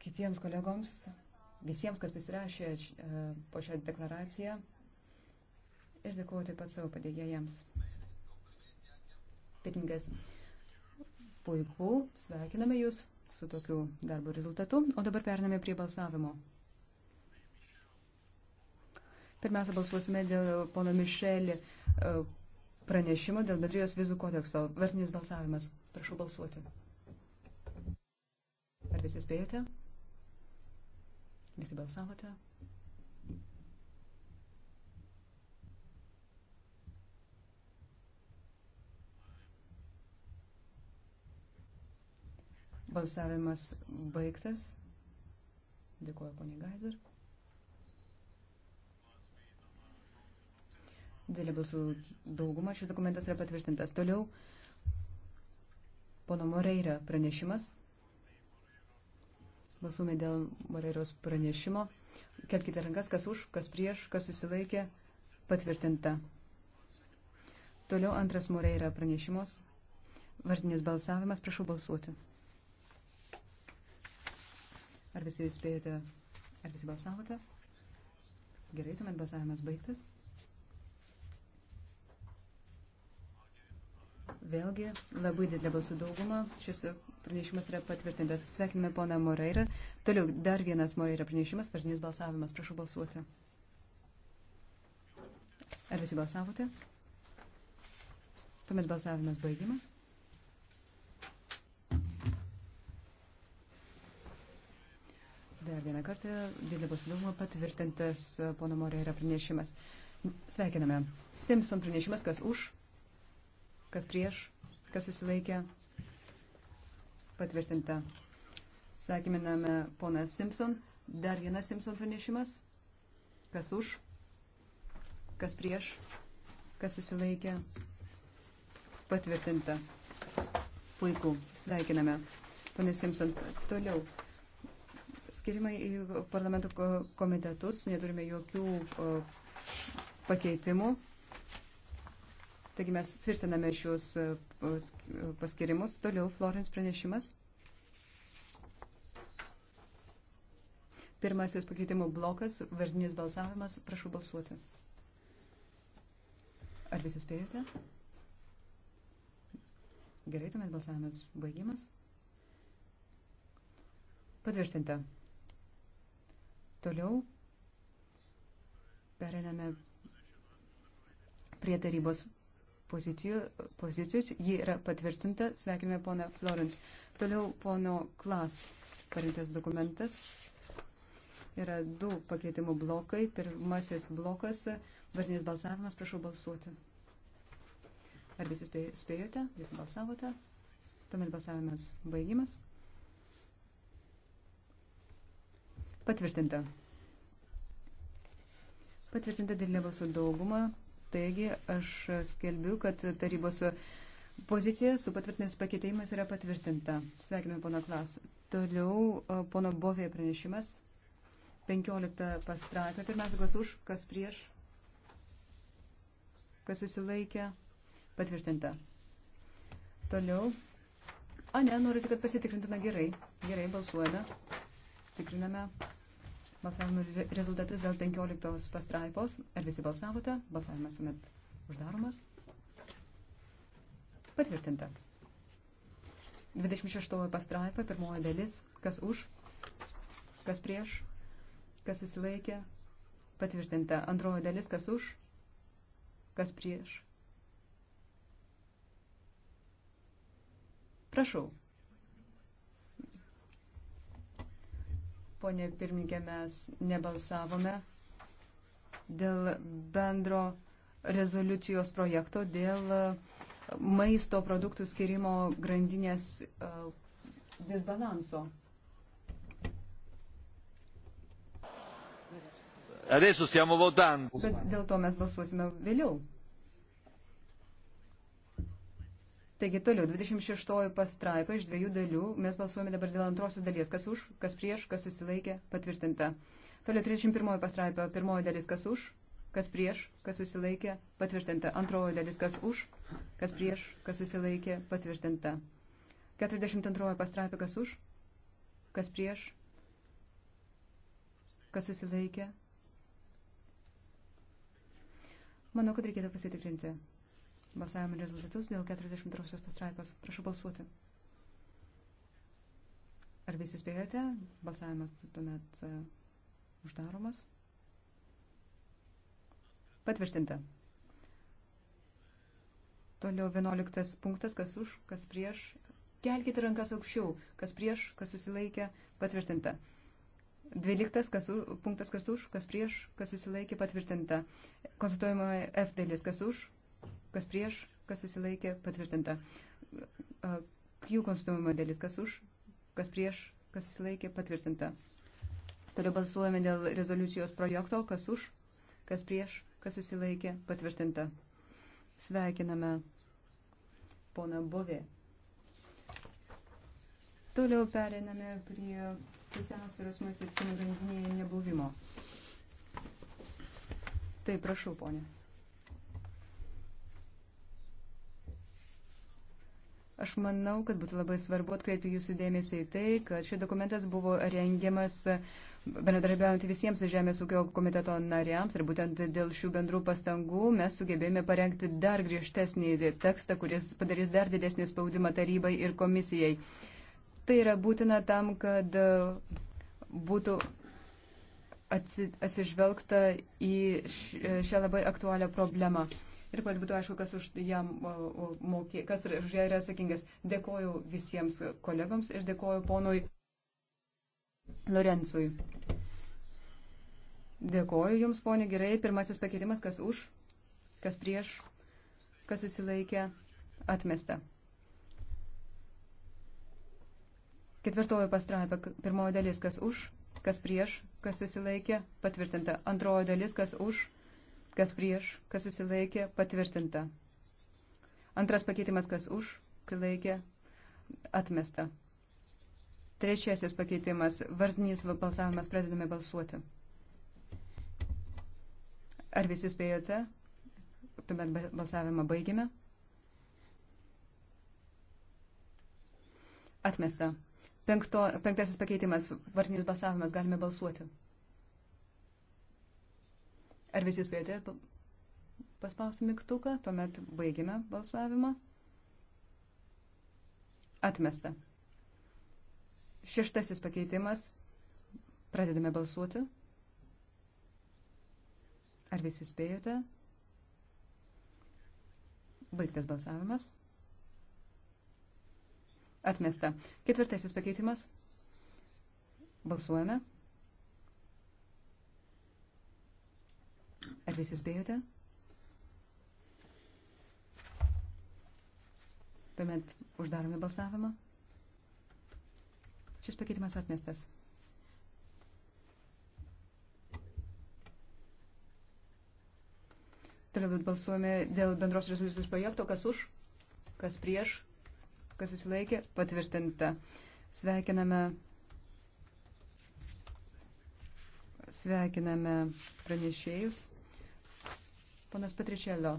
kitiems kolegoms, visiems, kas pasirašė e, po šią deklaraciją ir dėkuoju taip pat savo padėjėjams. Pirmingas, puiku, sveikiname Jūs su tokiu darbo rezultatu, o dabar pername prie balsavimo. Pirmiausia, balsuosime dėl pono Mišelį e, pranešimo dėl bendrijos vizų kodekso. Vartinis balsavimas. Prašau balsuoti. Ar visi spėjote? Visi balsavote? Balsavimas baigtas. Dėkuoju, ponė Gaiser. Dėlė balsų dauguma šis dokumentas yra patvirtintas. Toliau, pono Moreira pranešimas. Balsuome dėl Moreros pranešimo. Kelkite rankas, kas už, kas prieš, kas susilaikė. Patvirtinta. Toliau antras Moreira pranešimos. Vardinis balsavimas. Prašau balsuoti. Ar visi spėjote, ar visi balsavote? Gerai, tuomet balsavimas baigtas. Vėlgi, labai didelė balsų dauguma. Šis pranešimas yra patvirtintas. Sveikiname poną Moreirą. Toliau dar vienas Moreira pranešimas, vardinis balsavimas. Prašau balsuoti. Ar visi balsavote? Tuomet balsavimas baigimas. Dar vieną kartą didelė balsų dauguma patvirtintas pono Moreira pranešimas. Sveikiname. Simpson pranešimas, kas už. Kas prieš? Kas susilaikė? Patvirtinta. Sveikiname poną Simpson. Dar vienas Simpson pranešimas. Kas už? Kas prieš? Kas susilaikė? Patvirtinta. Puiku. Sveikiname. Pane Simpson, toliau. Skirimai į parlamento komitetus, neturime jokių pakeitimų. Taigi mes tvirtiname šios e, e, paskirimus. Toliau Florence pranešimas. Pirmasis pakeitimų blokas, vardinis balsavimas, prašau balsuoti. Ar visi spėjote? Gerai, tuomet balsavimas baigimas. Patvirtinta. Toliau periname prie tarybos pozicijų, pozicijos. Ji yra patvirtinta. Sveikiname poną Florence. Toliau pono Klas parinktas dokumentas. Yra du pakeitimų blokai. Pirmasis blokas. Vardinis balsavimas. Prašau balsuoti. Ar visi spėjote? Visi balsavote? Tuomet balsavimas baigimas. Patvirtinta. Patvirtinta dėl nebasų daugumą. Taigi aš skelbiu, kad tarybos pozicija su patvirtinės pakeitimas yra patvirtinta. Sveikiname pono Klas. Toliau e, pono Bovė pranešimas. 15 pastraipė. Pirmiausia, kas už, kas prieš, kas susilaikė. Patvirtinta. Toliau. A, ne, noriu tik, kad pasitikrintume gerai. Gerai, balsuojame. Tikriname. Balsavimo rezultatus dėl 15 pastraipos. Ar visi balsavote? Balsavimas tuomet uždaromas. Patvirtinta. 26 pastraipa, pirmoji dalis. Kas už? Kas prieš? Kas susilaikė? Patvirtinta. Antroji dalis. Kas už? Kas prieš? Prašau. Pone pirmininkė, mes nebalsavome dėl bendro rezoliucijos projekto, dėl e, maisto produktų skirimo grandinės e, disbalanso. Bet dėl to mes balsuosime vėliau. Taigi toliau, 26 pastraipa iš dviejų dalių, mes balsuojame dabar dėl antrosios dalies, kas už, kas prieš, kas susilaikė, patvirtinta. Toliau 31 pastraipa, pirmoji dalis, kas už, kas prieš, kas susilaikė, patvirtinta. Antroji dalis, kas už, kas prieš, kas susilaikė, patvirtinta. 42 pastraipa, kas už, kas prieš, kas susilaikė. Manau, kad reikėtų pasitikrinti balsavimo rezultatus dėl 42 pastraipos. Prašau balsuoti. Ar visi spėjote? Balsavimas tuomet uh, uždaromas. Patvirtinta. Toliau 11 punktas, kas už, kas prieš. Kelkite rankas aukščiau, kas prieš, kas susilaikė, patvirtinta. 12 kas u, punktas, kas už, kas prieš, kas susilaikė, patvirtinta. Konstatuojama F dalis, kas už, kas prieš, kas susilaikė, patvirtinta. Q konstituojimo dalis, kas už, kas prieš, kas susilaikė, patvirtinta. Toliau balsuojame dėl rezoliucijos projekto, kas už, kas prieš, kas susilaikė, patvirtinta. Sveikiname poną Bovė. Toliau periname prie pusiausvėros maisto tiekimo grandinėje nebuvimo. Taip, prašau, ponė. Aš manau, kad būtų labai svarbu atkreipti jūsų dėmesį į tai, kad šis dokumentas buvo rengiamas e, bendradarbiaujant visiems Žemės ūkio komiteto nariams ir būtent dėl šių bendrų pastangų mes sugebėjome parengti dar griežtesnį tekstą, kuris padarys dar didesnį spaudimą tarybai ir komisijai. Tai yra būtina tam, kad e, būtų atsižvelgta į šią labai aktualią problemą ir kad būtų aišku, kas už, jam, mokė, kas už ją yra atsakingas. Dėkoju visiems kolegoms ir dėkoju ponui Lorencui. Dėkoju Jums, ponė, gerai. Pirmasis pakeitimas, kas už, kas prieš, kas susilaikė, atmesta. Ketvirtoji pastraipa, pirmoji dalis, kas už, kas prieš, kas susilaikė, patvirtinta. Antroji dalis, kas už, kas prieš, kas susilaikė, patvirtinta. Antras pakeitimas, kas už, susilaikė, atmesta. Trečiasis pakeitimas, vardinis balsavimas, pradedame balsuoti. Ar visi spėjote? Tuomet balsavimą baigime. Atmesta. Penkto, penktasis pakeitimas, vardinis balsavimas, galime balsuoti. Ar visi spėjote paspausti mygtuką? Tuomet baigime balsavimą. Atmesta. Šeštasis pakeitimas. Pradedame balsuoti. Ar visi spėjote? Baigtas balsavimas. Atmesta. Ketvirtasis pakeitimas. Balsuojame. visi spėjote? Tuomet uždarome balsavimą. Šis pakeitimas atmestas. Toliau balsuojame dėl bendros rezoliucijos projekto, kas už, kas prieš, kas susilaikė, patvirtinta. Sveikiname, sveikiname pranešėjus. Ponas Patričelio.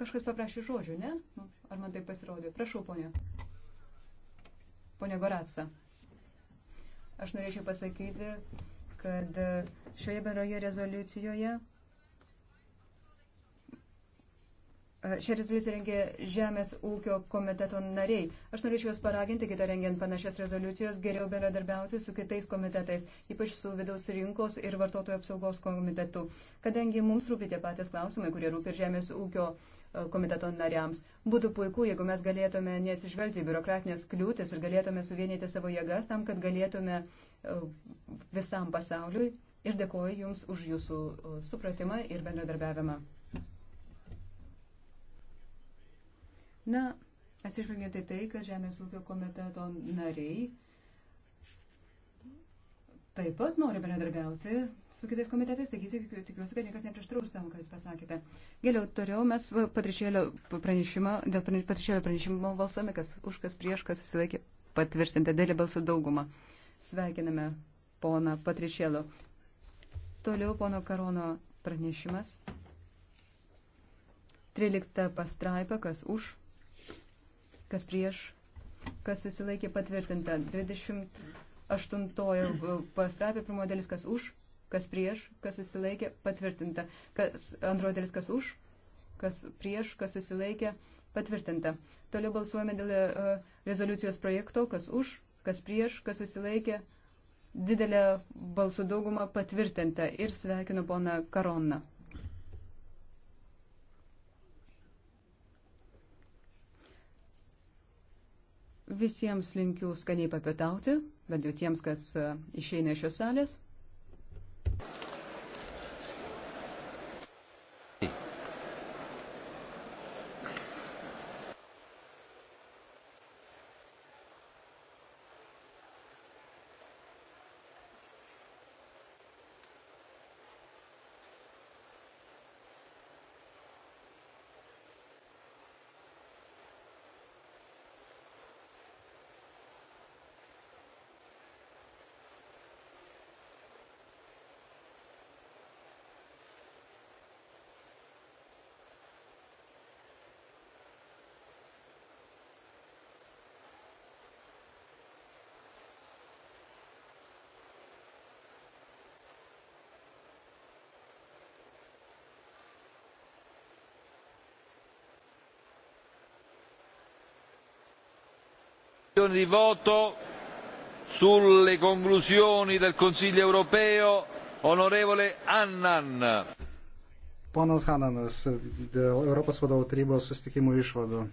Kažkas paprašė žodžių, ne? Nu, ar man tai pasirodė? Prašau, ponė. Pone Goratsa. Aš norėčiau pasakyti, kad šioje bendroje rezoliucijoje Šią rezoliuciją rengė Žemės ūkio komiteto nariai. Aš norėčiau juos paraginti, kitą rengiant panašias rezoliucijas, geriau bendradarbiauti su kitais komitetais, ypač su vidaus rinkos ir vartotojų apsaugos komitetu, kadangi mums rūpi tie patys klausimai, kurie rūpi ir Žemės ūkio e, komiteto nariams. Būtų puiku, jeigu mes galėtume nesižvelgti į biurokratinės kliūtis ir galėtume suvienyti savo jėgas tam, kad galėtume e, visam pasauliui. Ir dėkoju Jums už Jūsų e, supratimą ir bendradarbiavimą. Na, atsižvelgiant į tai, kad Žemės ūkio komiteto nariai taip pat nori bendradarbiauti su kitais komitetais, taigi tikiuosi, kad niekas neprieštraus tam, ką jūs pasakėte. Gėliau, toliau mes patrišėlio pranešimą, dėl patrišėlio pranešimo balsuome, kas už, kas prieš, kas susilaikė patvirtinti dėlį balsų daugumą. Sveikiname poną patrišėlio. Toliau pono Karono pranešimas. 13 pastraipa, kas už, kas prieš, kas susilaikė patvirtinta. 28 uh, pastrapė, pirmo dalis, kas už, kas prieš, kas susilaikė patvirtinta. Kas, antro dalis, kas už, kas prieš, kas susilaikė patvirtinta. Toliau balsuojame dėl uh, rezoliucijos projekto, kas už, kas prieš, kas susilaikė didelę balsų daugumą patvirtinta ir sveikinu poną Karoną. Visiems linkiu skaniai papietauti, bent jau tiems, kas e, išeina iš šios salės. dichiarazione di voto sulle conclusioni del Consiglio europeo, onorevole Annan. Ponas Hananas, dėl Europos vadovų tarybos susitikimų išvadų.